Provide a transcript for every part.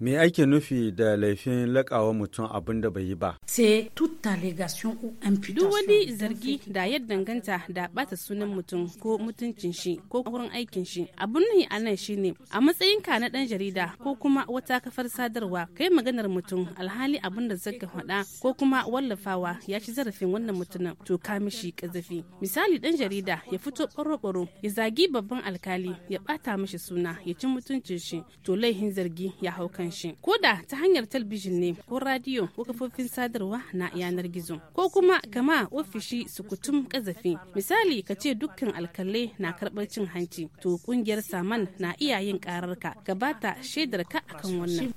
Me ake nufi da laifin laƙawa mutum abin da bai yi ba? Duk wani zargi da ya danganta da bata sunan mutum ko mutuncin shi ko wurin aikin shi. Abun nan a nan shi ne a matsayin ka na ɗan jarida ko kuma wata kafar sadarwa kai maganar mutum alhali abin da zaka faɗa ko kuma wallafawa ya ci zarafin wannan mutumin to ka mishi ƙazafi. Misali ɗan jarida ya fito baro-baro ya zagi babban alkali ya ɓata mishi suna ya ci mutuncin shi to laifin zargi ya hauka shi ko da ta hanyar talbijin ne ko radiyo ko kafofin sadarwa na yanar gizo ko kuma kama ofishi sukutum kazafi misali ka ce dukkan alkalai na karbar cin hanci to kungiyar saman na iya yin karar ka gabata shaidar ka akan wannan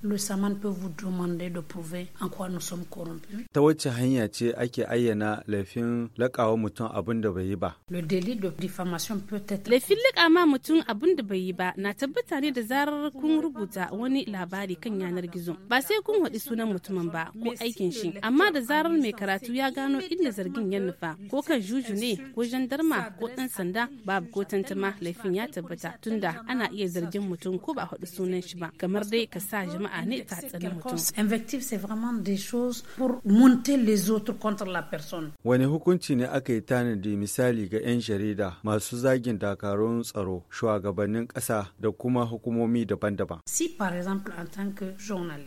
ta wacce hanya ce ake ayyana laifin lakawa mutum abin da bai yi ba laifin laka ma mutum abin da bai yi ba na tabbata ne da zarar kun rubuta wani labari kan yanar gizo ba sai kun haɗi sunan mutumin ba ko aikin shi amma da zarar mai karatu ya gano inda zargin ya nufa ko kan juju ne ko jandarma ko ɗan sanda babu ko tantama laifin ya tabbata tunda ana iya zargin mutum ko ba haɗi sunan shi ba kamar dai ka sa jama'a ne ta tsana mutum. Invective c'est vraiment des choses pour monter les autres contre la personne. Wani hukunci ne aka yi tanadi misali ga 'yan jarida masu zagin dakarun tsaro shugabannin ƙasa da kuma hukumomi daban-daban. Si par exemple en tant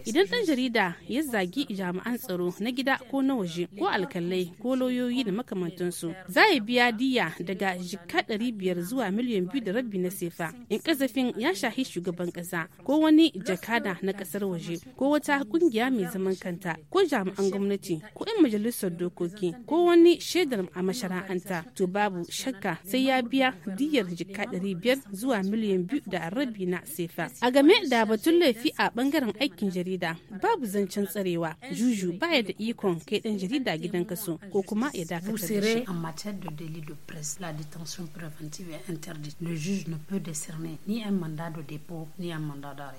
Idan ɗan jarida ya zagi jami'an tsaro na gida ko na waje ko alkalai ko lauyoyi da makamantansu za ya biya diya daga jika ɗari biyar zuwa miliyan biyu da rabi na sefa in ƙazafin ya shahi shugaban ƙasa ko wani jakada na ƙasar waje ko wata ƙungiya mai zaman kanta ko jami'an gwamnati ko 'yan majalisar dokoki ko wani shaidar a mashara'anta to babu shakka sai ya biya diyar jika ɗari biyar zuwa miliyan biyu da rabi na sefa a game da batun laifi a ɓangaren aikin En matière de délit de presse, la détention préventive est interdite. Le juge ne peut décerner ni un mandat de dépôt ni un mandat d'arrêt.